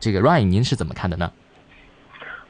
這個 Ryan，您是怎麼看的呢？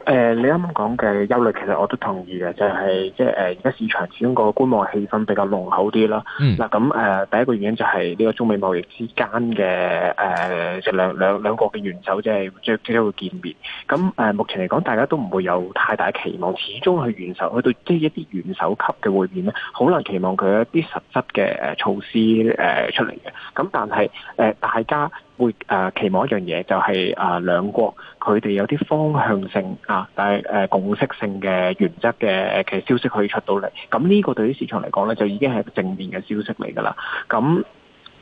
誒、呃，你啱啱講嘅憂慮，其實我都同意嘅，就係即係誒而家市場始終個觀望氣氛比較濃厚啲啦。嗯。嗱咁誒，第一個原因就係呢個中美貿易之間嘅誒、呃，即兩兩兩國嘅元首即係即將會見面。咁誒、呃，目前嚟講，大家都唔會有太大期望，始終去元首去到即係一啲元首級嘅會面咧，好難期望佢有一啲實質嘅誒措施誒、呃、出嚟嘅。咁但係誒、呃，大家。會誒、呃、期望一樣嘢，就係、是、誒、呃、兩國佢哋有啲方向性啊，但係誒、呃、共識性嘅原則嘅嘅消息可以出到嚟，咁呢個對於市場嚟講咧，就已經係一個正面嘅消息嚟㗎啦，咁。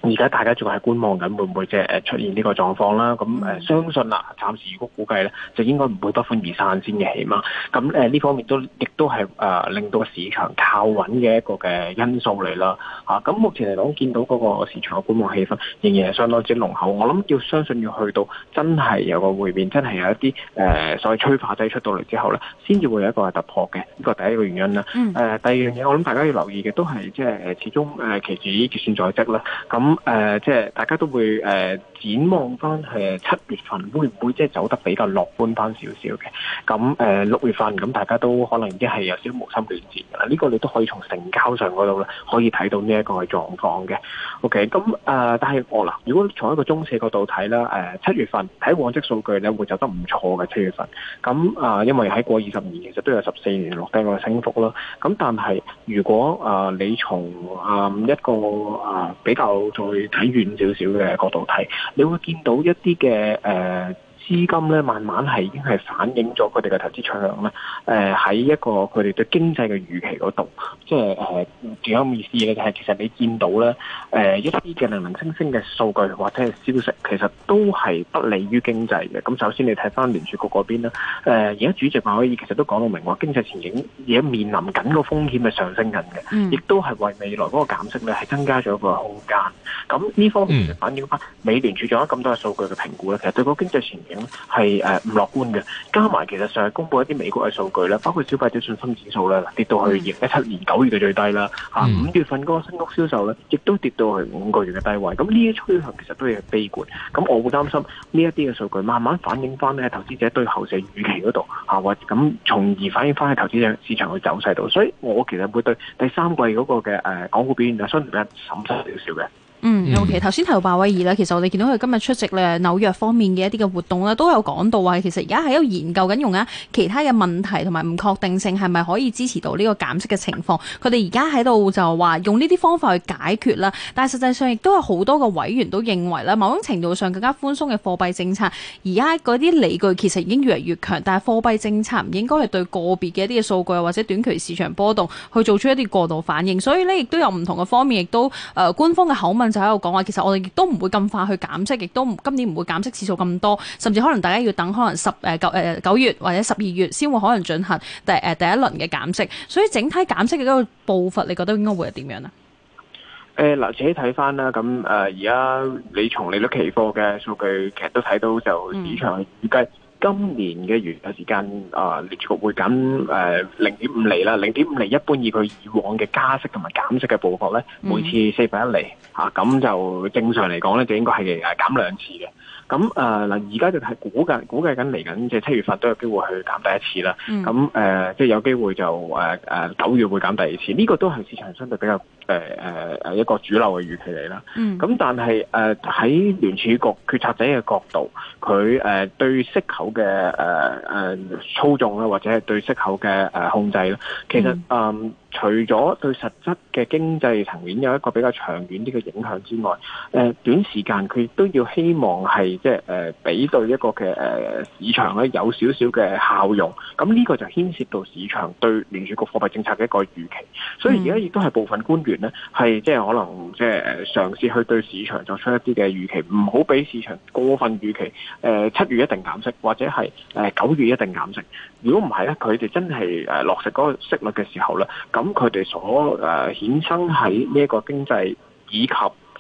而家大家仲係觀望緊，會唔會即係誒出現呢個狀況啦？咁誒相信啦，暫時如果估計咧，就應該唔會不歡而散先嘅，起碼咁誒呢方面都亦都係誒令到市場靠穩嘅一個嘅因素嚟啦。咁、啊、目前嚟講，見到嗰個市場嘅觀望氣氛仍然係相當之濃厚。我諗要相信要去到真係有個會面，真係有一啲誒、啊、所謂催化劑出到嚟之後咧，先至會有一個係突破嘅。呢個第一個原因啦。誒、啊、第二樣嘢，我諗大家要留意嘅都係即係始終誒期指結算在即啦。咁、啊嗯誒，即係、uh, 大家都會誒。Uh 展望翻誒七月份會唔會即係走得比較樂觀翻少少嘅？咁誒六月份咁大家都可能已經係有少少無心戀戰啦。呢、這個你都可以從成交上嗰度咧可以睇到呢一個嘅狀況嘅。OK，咁誒、呃，但係我嗱，如果從一個中四角度睇啦，七、呃、月份喺往績數據咧，會走得唔錯嘅七月份。咁啊、呃，因為喺過二十年其實都有十四年落低落升幅啦。咁但係如果誒、呃、你從誒、呃、一個誒比較再睇遠少少嘅角度睇。你會見到一啲嘅誒。呃資金咧慢慢係已經係反映咗佢哋嘅投資取向咧，誒、呃、喺一個佢哋對經濟嘅預期嗰度，即係誒仲有意思嘢就係其實你見到咧，誒、呃、一啲嘅零零星星嘅數據或者係消息，其實都係不利於經濟嘅。咁首先你睇翻聯儲局嗰邊啦，誒而家主席話可以，其實都講到明話經濟前景而家面臨緊個風險嘅上升緊嘅，亦都係為未來嗰個減息咧係增加咗一個空間。咁呢方面嘅反映翻，美聯儲仲有咁多嘅數據嘅評估咧，其實對個經濟前景。係誒唔樂觀嘅，加埋其實上係公布一啲美國嘅數據咧，包括消費者信心指數咧跌到去二零一七年九月嘅最低啦，吓五月份嗰個新屋銷售咧亦都跌到去五個月嘅低位，咁呢一趨勢其實都係悲觀，咁我好擔心呢一啲嘅數據慢慢反映翻咧投資者對後市預期嗰度吓，或咁從而反映翻喺投資者市場去走勢度，所以我其實會對第三季嗰個嘅誒港股表現就相對審慎少少嘅。嗯，嗯，OK，頭先提到鮑威爾啦，其實我哋見到佢今日出席咧紐約方面嘅一啲嘅活動咧，都有講到話，其實而家喺度研究緊用啊其他嘅問題同埋唔確定性係咪可以支持到呢個減息嘅情況，佢哋而家喺度就話用呢啲方法去解決啦，但係實際上亦都有好多嘅委員都認為啦，某種程度上更加寬鬆嘅貨幣政策，而家嗰啲理據其實已經越嚟越強，但係貨幣政策唔應該係對個別嘅一啲嘅數據或者短期市場波動去做出一啲過度反應，所以咧，亦都有唔同嘅方面，亦都誒、呃、官方嘅口吻。就喺度講話，其實我哋亦都唔會咁快去減息，亦都今年唔會減息次數咁多，甚至可能大家要等可能十誒九誒九月或者十二月先會可能進行第誒第一輪嘅減息，所以整體減息嘅嗰個步伐，你覺得應該會係點樣啊？誒、嗯，嗱，自己睇翻啦，咁誒而家你從利率期貨嘅數據，其實都睇到就市場預計。今年嘅月嘅時間啊，連續會減誒零點五厘啦，零點五厘一般以佢以往嘅加息同埋減息嘅步伐咧，每次四分一厘。嚇、啊，咁就正常嚟講咧，就應該係誒減兩次嘅。咁誒嗱，而、呃、家就係估計，估計緊嚟緊即係七月份都有機會去減第一次啦。咁誒、嗯，即係、呃就係、有機會就誒誒九月會減第二次，呢、這個都係市場相對比較。誒誒誒一個主流嘅預期嚟啦，咁、嗯、但係誒喺聯儲局決策者嘅角度，佢誒、呃、對息口嘅誒誒操縱啦，或者係對息口嘅誒、呃、控制啦，其實誒、呃、除咗對實質嘅經濟層面有一個比較長遠啲嘅影響之外，誒、呃、短時間佢都要希望係即係誒俾對一個嘅誒、呃、市場咧有少少嘅效用，咁呢個就牽涉到市場對聯儲局貨幣政策嘅一個預期，所以而家亦都係部分官員。咧係即係可能即係嘗試去對市場作出一啲嘅預期，唔好俾市場過分預期。誒、呃，七月一定減息，或者係誒、呃、九月一定減息。如果唔係咧，佢哋真係誒落實嗰個息率嘅時候咧，咁佢哋所誒、呃、衍生喺呢一個經濟以及。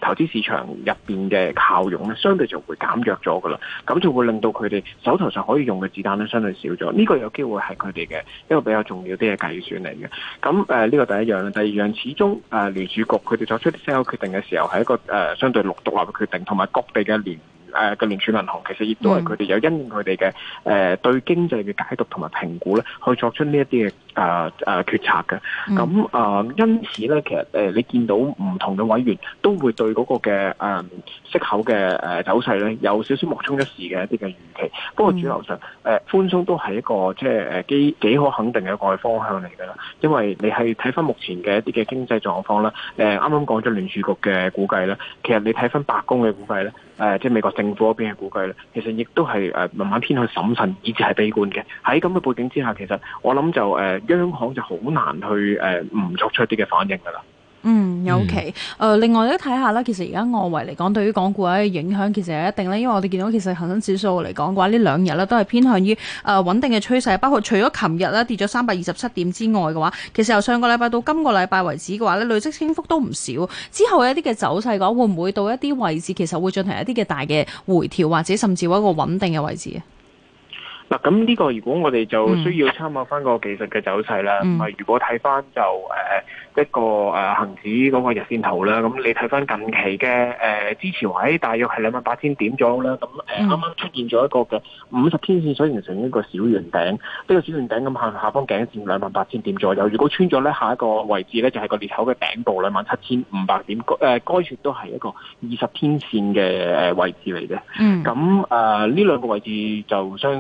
投資市場入邊嘅效用咧，相對就會減弱咗噶啦，咁就會令到佢哋手頭上可以用嘅子彈咧，相對少咗。呢、這個有機會係佢哋嘅一個比較重要啲嘅計算嚟嘅。咁誒，呢、呃這個第一樣啦，第二樣始終誒聯儲局佢哋作出啲 sell 決定嘅時候，係一個誒、呃、相對六獨立嘅決定，同埋各地嘅聯。誒，嘅聯儲銀行其實亦都係佢哋有因應佢哋嘅誒對經濟嘅解讀同埋評估咧，去作出呢一啲嘅誒誒決策嘅。咁啊、mm. 呃，因此咧，其實誒、呃、你見到唔同嘅委員都會對嗰個嘅誒、呃、息口嘅誒、呃、走勢咧，有少少莫衷一是嘅一啲嘅預期。不過主流上誒、mm. 呃、寬鬆都係一個即係誒幾幾可肯定嘅一個方向嚟嘅啦，因為你係睇翻目前嘅一啲嘅經濟狀況啦，誒啱啱講咗聯儲局嘅估計啦。其實你睇翻白宮嘅估計咧。誒、呃，即係美國政府嗰邊嘅估計咧，其實亦都係誒慢慢偏向審慎，以至係悲觀嘅。喺咁嘅背景之下，其實我諗就誒、呃，央行就好難去誒，唔、呃、作出啲嘅反應㗎啦。嗯，有、OK、其，誒、嗯呃，另外咧睇下啦，其實而家外圍嚟講，對於港股嘅影響其實有一定咧，因為我哋見到其實恒生指數嚟講嘅話，呢兩日咧都係偏向於誒穩定嘅趨勢，包括除咗琴日咧跌咗三百二十七點之外嘅話，其實由上個禮拜到今個禮拜為止嘅話咧，累積升幅都唔少。之後一啲嘅走勢嘅話，會唔會到一啲位置，其實會進行一啲嘅大嘅回調，或者甚至話一個穩定嘅位置？嗱，咁呢個如果我哋就需要參考翻個技術嘅走勢啦。咁、嗯、如果睇翻就誒、呃、一個誒、呃、恆指嗰個日線圖啦。咁你睇翻近期嘅誒、呃、支持位，大約係兩萬八千點左右啦。咁啱啱出現咗一個嘅五十天線所形成一個小圓頂。呢、那個小圓頂咁行下方頸線，兩萬八千點左右。如果穿咗咧，下一個位置咧就係個裂口嘅頂部，兩萬七千五百點。誒、呃，該處都係一個二十天線嘅位置嚟嘅。嗯。咁誒呢兩個位置就相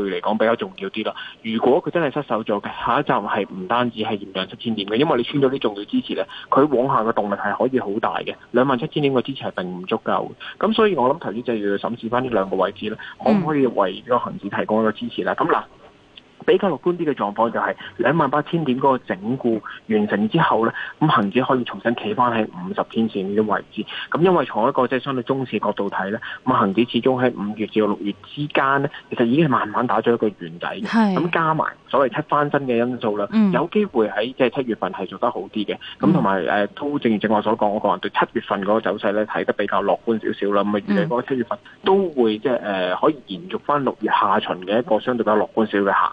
對嚟講比較重要啲啦。如果佢真係失手咗嘅，下一站係唔單止係兩萬七千點嘅，因為你穿咗啲重要支持咧，佢往下嘅動力係可以好大嘅。兩萬七千點嘅支持係並唔足夠嘅，咁所以我諗頭先就要審視翻呢兩個位置咧，可唔可以為呢個恆指提供一個支持咧？咁嗱。比較樂觀啲嘅狀況就係、是、兩萬八千點嗰個整固完成之後咧，咁恒指可以重新企翻喺五十天線啲位置。咁因為從一個即係相對中視角度睇咧，咁恒指始終喺五月至到六月之間咧，其實已經係慢慢打咗一個圓底嘅。咁是加埋所謂七翻身嘅因素啦，嗯、有機會喺即係七月份係做得好啲嘅。咁同埋誒都正如正話所講，我個人對七月份嗰個走勢咧睇得比較樂觀少少啦。咁啊、嗯嗯、預計嗰個七月份都會即係誒可以延續翻六月下旬嘅一個相對比較樂觀少少嘅行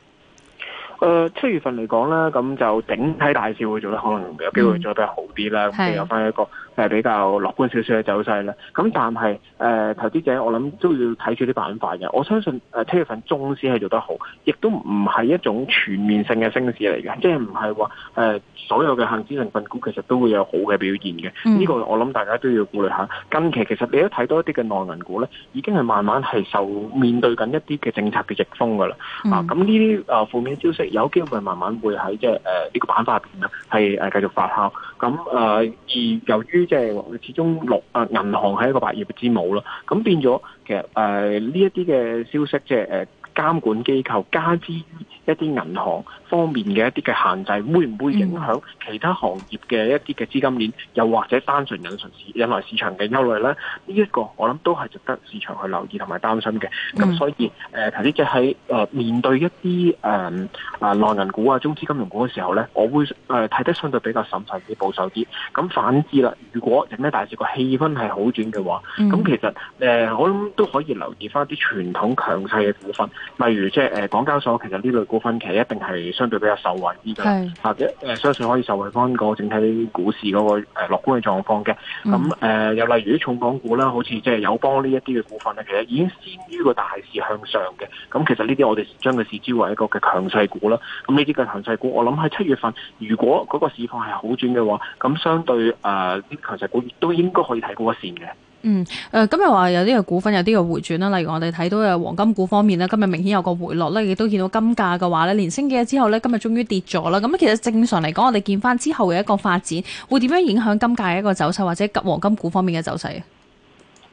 誒、呃、七月份嚟講咧，咁就整體大市會做得可能有機會做得好啲啦，咁就、嗯、有翻一個，係比較樂觀少少嘅走勢啦，咁但係誒、呃、投資者我諗都要睇住啲板塊嘅，我相信誒七月份中線係做得好，亦都唔係一種全面性嘅升市嚟嘅，即係唔係話誒所有嘅恆指成分股其實都會有好嘅表現嘅，呢、嗯、個我諗大家都要顧慮下。近期其實你都睇到一啲嘅內銀股咧，已經係慢慢係受面對緊一啲嘅政策嘅逆風㗎啦，嗯、啊咁呢啲誒負面消息有機會慢慢會喺即係誒呢個板塊入邊呢，係、呃、誒繼續發酵，咁、呃、而由於即係話，佢始終落啊，銀行係一個百業之母咯。咁變咗，其實誒呢一啲嘅消息、就是，即係誒。監管機構，加之一啲銀行方面嘅一啲嘅限制，會唔會影響其他行業嘅一啲嘅資金鏈，又或者單純引順市引來市場嘅憂慮咧？呢、這、一個我諗都係值得市場去留意同埋擔心嘅。咁所以，誒頭先即係誒面對一啲誒啊內銀股啊、中資金融股嘅時候咧，我會誒睇、呃、得相對比較審慎啲、保守啲。咁反之啦，如果人呢大市個氣氛係好轉嘅話，咁其實誒、呃、我諗都可以留意翻啲傳統強勢嘅股份。例如即係誒港交所，其實呢類股份其實一定係相對比較受惠啲嘅，或者誒相信可以受惠翻個整體股市嗰個誒樂觀嘅狀況嘅。咁誒又例如啲重港股啦，好似即係友邦呢一啲嘅股份咧，其實已經先於個大市向上嘅。咁其實呢啲我哋將佢視之為一個嘅強勢股啦。咁呢啲嘅強勢股，我諗喺七月份如果嗰個市況係好轉嘅話，咁相對誒啲強勢股都應該可以睇高一線嘅。嗯，誒、呃，今日話有啲嘅股份有啲嘅回轉啦，例如我哋睇到嘅黃金股方面呢，今日明顯有個回落咧，亦都見到金價嘅話咧，連升幾日之後呢，今日終於跌咗啦。咁其實正常嚟講，我哋見翻之後嘅一個發展，會點樣影響金價嘅一個走勢或者金黃金股方面嘅走勢啊？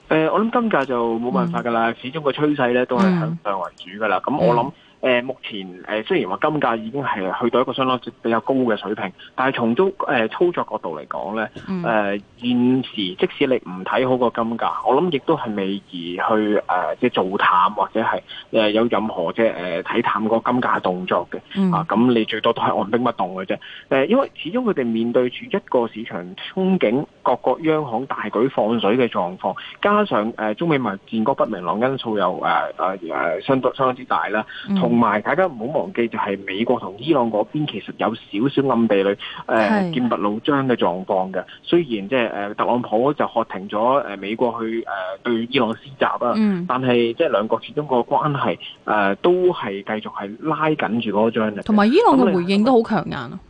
誒、呃，我諗金價就冇辦法噶啦，嗯、始終個趨勢呢都係向上為主噶啦，咁、嗯、我諗。嗯誒、呃、目前誒、呃、雖然話金價已經係去到一個相當比較高嘅水平，但係從都誒、呃、操作角度嚟講咧，誒、呃、現時即使你唔睇好個金價，我諗亦都係未而去誒即係做淡或者係誒、呃、有任何即係誒睇淡個金價動作嘅、嗯、啊，咁你最多都係按兵不動嘅啫。誒、呃、因為始終佢哋面對住一個市場憧憬，各國央行大舉放水嘅狀況，加上誒、呃、中美貿易戰果不明朗因素又誒誒誒相當相當之大啦，同同埋大家唔好忘記，就係、是、美國同伊朗嗰邊其實有少少暗地裏誒劍拔弩張嘅狀況嘅。雖然即係、呃、特朗普就喝停咗美國去誒、呃、對伊朗施襲啦，嗯、但係即係兩國始終個關係誒、呃、都係繼續係拉緊住嗰張嘅。同埋伊朗嘅回應是是都好強硬啊！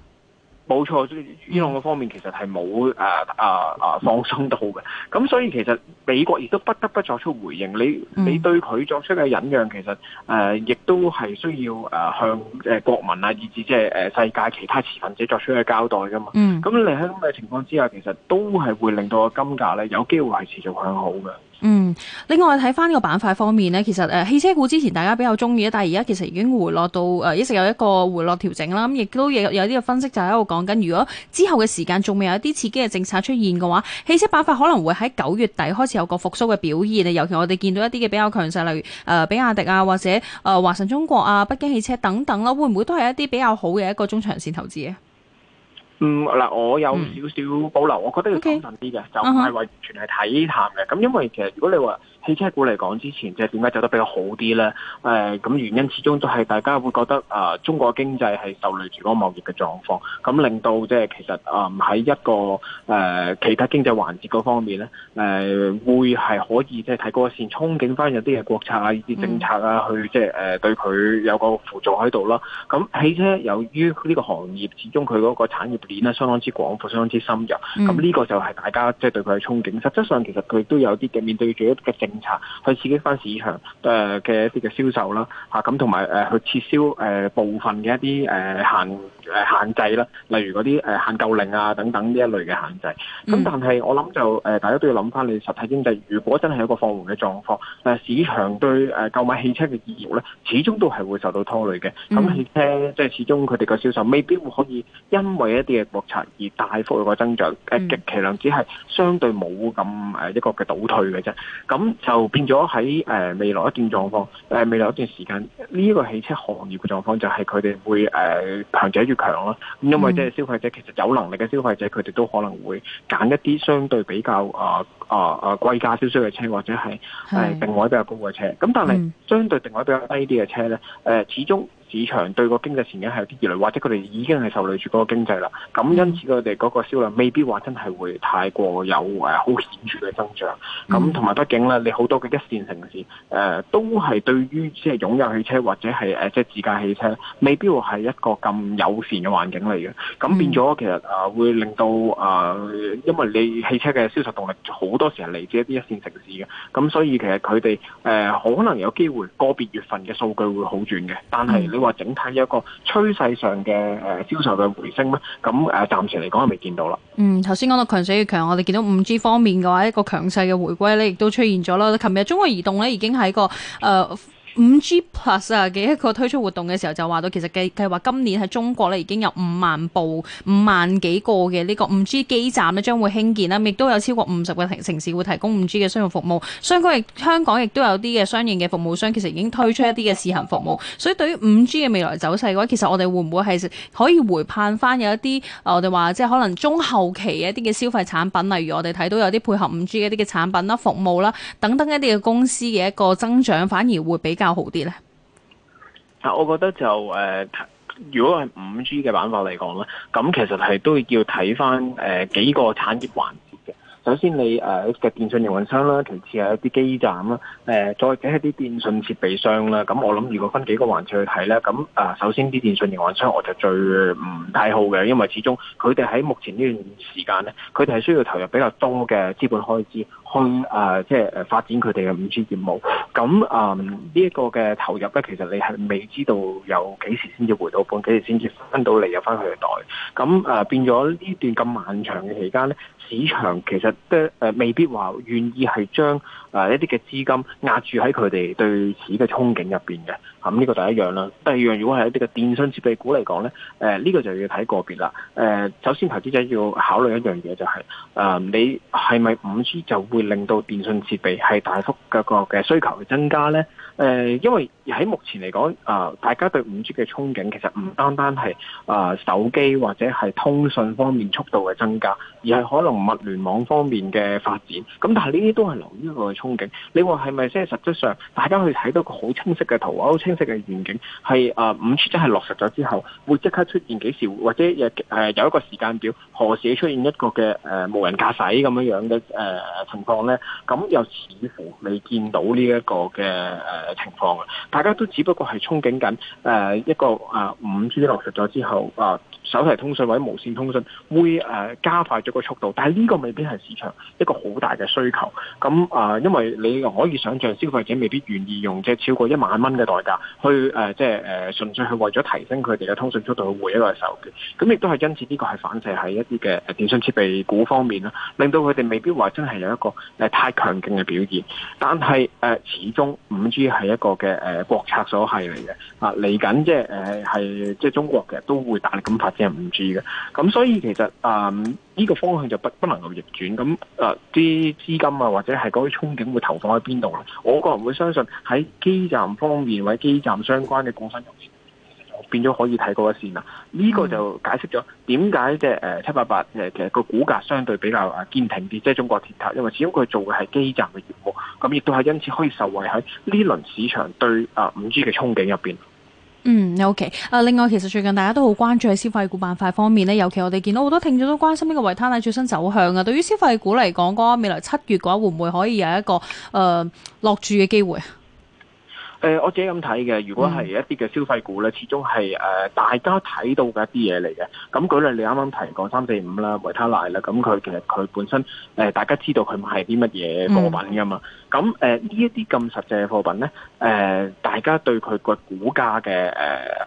冇錯，呢兩個方面其實係冇誒誒放鬆到嘅，咁所以其實美國亦都不得不作出回應。你你對佢作出嘅忍讓，其實誒亦、呃、都係需要向國民啊，以至即係世界其他持份者作出嘅交代㗎嘛。咁、嗯、你喺咁嘅情況之下，其實都係會令到個金價咧有機會係持續向好嘅。嗯，另外睇翻呢個板塊方面呢，其實誒，汽車股之前大家比較中意，但係而家其實已經回落到誒，一直有一個回落調整啦。咁亦都有有啲嘅分析就喺度講緊，如果之後嘅時間仲未有一啲刺激嘅政策出現嘅話，汽車板塊可能會喺九月底開始有個復甦嘅表現。尤其我哋見到一啲嘅比較強勢，例如誒、呃、比亞迪啊，或者誒、呃、華晨中國啊，北京汽車等等啦，會唔會都係一啲比較好嘅一個中長線投資？嗯，嗱，我有少少保留，嗯、我覺得要謹慎啲嘅，okay, uh huh. 就唔係話完全係睇淡嘅，咁因為其實如果你話，汽車股嚟講，之前即係點解走得比較好啲咧？誒咁原因始終都係大家會覺得誒中國經濟係受累住嗰個貿易嘅狀況，咁令到即係其實誒喺一個誒其他經濟環節嗰方面咧，誒會係可以即係睇嗰個線憧憬翻有啲嘅國策啊、啲政策啊，去即係誒對佢有個輔助喺度啦。咁汽車由於呢個行業始終佢嗰個產業鏈咧相當之廣闊、相當之深入，咁呢、嗯、個就係大家即係對佢嘅憧憬。實質上其實佢都有啲嘅面對住一嘅，政策去刺激翻市場誒嘅一啲嘅銷售啦，嚇咁同埋誒去撤銷誒、啊、部分嘅一啲誒限誒限制啦，例如嗰啲誒限購令啊等等呢一類嘅限制。咁、嗯、但係我諗就誒、啊、大家都要諗翻，你實體經濟、就是、如果真係一個放緩嘅狀況，誒、啊、市場對誒、啊、購買汽車嘅意欲咧，始終都係會受到拖累嘅。咁、嗯、汽車即係、就是、始終佢哋嘅銷售未必會可以因為一啲嘅國策而大幅個增長，誒、嗯、極其量只係相對冇咁誒一個嘅倒退嘅啫。咁就變咗喺未來一段狀況，未來一段時間呢個汽車行業嘅狀況就係佢哋會、呃、強者越強咯。咁因為即係消費者其實有能力嘅消費者，佢哋都可能會揀一啲相對比較啊啊啊貴價少少嘅車，或者係誒、呃、定位比較高嘅車。咁是的 但係相對定位比較低啲嘅車咧、呃，始終。市場對個經濟前景係有啲疑慮，或者佢哋已經係受累住嗰個經濟啦。咁因此佢哋嗰個銷量未必話真係會太過有誒好顯著嘅增長。咁同埋畢竟咧，你好多嘅一線城市誒、呃、都係對於即係擁有汽車或者係誒即係自駕汽車，未必會係一個咁友善嘅環境嚟嘅。咁變咗其實誒、呃、會令到誒、呃，因為你汽車嘅銷售動力好多時係嚟自一啲一線城市嘅。咁、呃、所以其實佢哋誒可能有機會個別月份嘅數據會好轉嘅，但係你話整體有一個趨勢上嘅誒銷售嘅回升嗎？咁、啊、誒暫時嚟講係未見到啦。嗯，頭先講到強勢越強，我哋見到五 G 方面嘅話一個強勢嘅回歸咧，亦都出現咗啦。琴日中國移動咧已經係一個誒。呃五 G Plus 啊嘅一個推出活動嘅時候就話到，其實計計劃今年喺中國咧已經有五萬部、五萬幾個嘅呢個五 G 基站咧將會興建啦，亦都有超過五十個城市會提供五 G 嘅商用服務，香港亦香港亦都有啲嘅相應嘅服務商，其實已經推出一啲嘅試行服務，所以對於五 G 嘅未來走勢嘅話，其實我哋會唔會係可以回盼翻有一啲我哋話即係可能中後期一啲嘅消費產品，例如我哋睇到有啲配合五 G 的一啲嘅產品啦、服務啦等等一啲嘅公司嘅一個增長反而會比較。好啲咧？啊，我覺得就誒、呃，如果係五 G 嘅板塊嚟講咧，咁其實係都要睇翻誒幾個產業鏈。首先，你誒嘅電信營運商啦，其次係一啲基站啦，誒再者一啲電信設備商啦。咁我諗，如果分幾個環節去睇咧，咁誒首先啲電信營運商我就最唔太好嘅，因為始終佢哋喺目前呢段時間咧，佢哋係需要投入比較多嘅資本開支去誒，即係誒發展佢哋嘅五 G 業務。咁誒呢一個嘅投入咧，其實你係未知道有幾時先至回到本，幾時先至分到嚟入翻去嘅袋。咁誒變咗呢段咁漫長嘅期間咧。市場其實都誒未必話願意係將誒一啲嘅資金壓住喺佢哋對此嘅憧憬入邊嘅，咁呢個第一樣啦。第二樣如果係一啲嘅電信設備股嚟講咧，誒呢個就要睇個別啦。誒首先投資者要考慮一樣嘢就係誒你係咪五 G 就會令到電信設備係大幅嘅個嘅需求增加咧？誒、呃，因為喺目前嚟講，啊、呃，大家對 5G 嘅憧憬其實唔單單係啊、呃、手機或者係通訊方面速度嘅增加，而係可能物聯網方面嘅發展。咁但係呢啲都係留於一個憧憬。你話係咪即係實質上，大家去睇到一個好清晰嘅圖、好清晰嘅願景，係啊、呃、5G 真係落實咗之後，會即刻出現幾時，或者亦係有一個時間表，何時出現一個嘅誒、呃、無人駕駛咁樣樣嘅誒情況咧？咁又似乎你見到呢一個嘅誒。呃情況啊，大家都只不過係憧憬緊、呃、一個誒、呃、五 G 落實咗之後啊、呃，手提通訊或者無線通訊會、呃、加快咗個速度，但係呢個未必係市場一個好大嘅需求。咁、嗯、啊、呃，因為你可以想像消費者未必願意用即係超過一萬蚊嘅代價去即係純粹係為咗提升佢哋嘅通訊速度去換一個手機。咁亦都係因此呢個係反射喺一啲嘅電信設備股方面啦，令到佢哋未必話真係有一個太強勁嘅表現。但係、呃、始終五 G 係係一個嘅誒、呃、國策所係嚟嘅啊，嚟緊即係誒係即係中國嘅都會大力咁發展五 G 嘅，咁所以其實誒呢、呃這個方向就不不能夠逆轉，咁誒啲資金啊或者係嗰啲憧憬會投放喺邊度啦？我個人會相信喺基站方面或者基站相關嘅股份入變咗可以睇嗰個線啦，呢個就解釋咗點解即係誒七八八誒其實個股價相對比較堅挺啲，即係中國鐵塔，因為始終佢做嘅係基站嘅業務，咁亦都係因此可以受惠喺呢輪市場對啊五 G 嘅憧憬入邊。嗯，OK。誒，另外其實最近大家都好關注喺消費股板塊方面咧，尤其我哋見到好多聽眾都關心呢個維他奶最新走向啊。對於消費股嚟講，個未來七月嘅話，會唔會可以有一個誒落注嘅機會啊？誒、呃、我自己咁睇嘅，如果係一啲嘅消費股咧，嗯、始終係誒、呃、大家睇到嘅一啲嘢嚟嘅。咁舉例，你啱啱提過三四五啦、3, 4, 5, 維他奶啦，咁佢、嗯、其實佢本身、呃、大家知道佢係啲乜嘢貨品㗎嘛。咁呢一啲咁實際嘅貨品咧，誒、呃、大家對佢個股價嘅誒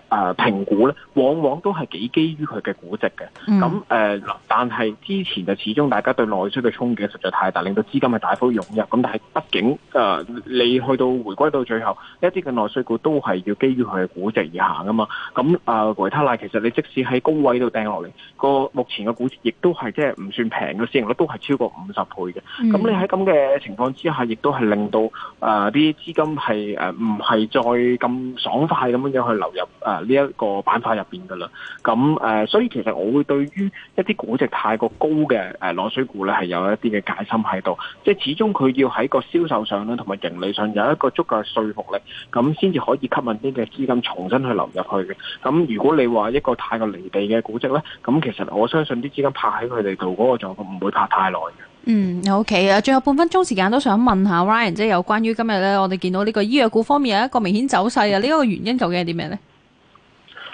啊評估咧，往往都係幾基於佢嘅估值嘅。咁誒、嗯呃，但係之前就始終大家對內需嘅衝擊實在太大，令到資金係大幅湧入。咁但係畢竟、呃、你去到回歸到最後。一啲嘅內需股都係要基於佢嘅估值而行噶嘛，咁啊、呃、維他奶其實你即使喺高位度掟落嚟，個目前嘅估值亦都係即係唔算平嘅市盈率，都係超過五十倍嘅。咁、嗯、你喺咁嘅情況之下，亦都係令到啊啲、呃、資金係唔係再咁爽快咁樣去流入啊呢一個板塊入面噶啦。咁誒、呃，所以其實我會對於一啲估值太過高嘅誒、呃、內需股咧，係有一啲嘅戒心喺度。即係始終佢要喺個銷售上咧，同埋盈利上有一個足夠嘅說服力。咁先至可以吸引啲嘅資金重新去流入去嘅。咁如果你話一個太過離地嘅估值呢，咁其實我相信啲資金拍喺佢哋度嗰個狀況唔會拍太耐嘅。嗯，OK。最後半分鐘時間都想問下 Ryan，即係有關於今日呢，我哋見到呢個醫藥股方面有一個明顯走勢嘅，呢、這、一個原因究竟係點樣呢？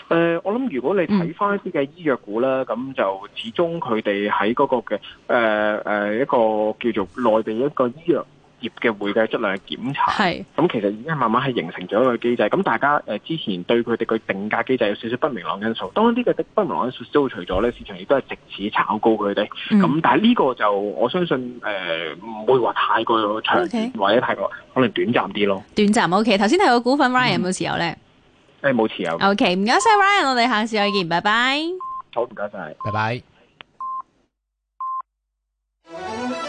誒、呃，我諗如果你睇翻一啲嘅醫藥股咧，咁、嗯、就始終佢哋喺嗰個嘅誒誒一個叫做內地一個醫藥業嘅會計質量嘅檢查，係咁是其實已經係慢慢係形成咗一個機制。咁大家誒之前對佢哋個定價機制有少少不明朗因素，當然呢個的不明朗因素消除咗咧，市場亦都係直指炒高佢哋。咁、嗯、但係呢個就我相信誒唔、呃、會話太過長遠 Okay. 或者太過可能短暫啲咯。短暫 O K。頭先睇個股份 Ryan 有冇、嗯、持有咧，誒冇、欸、持有。O K，唔該晒 Ryan，我哋下次再見，拜拜。好，唔該晒，拜拜。拜拜。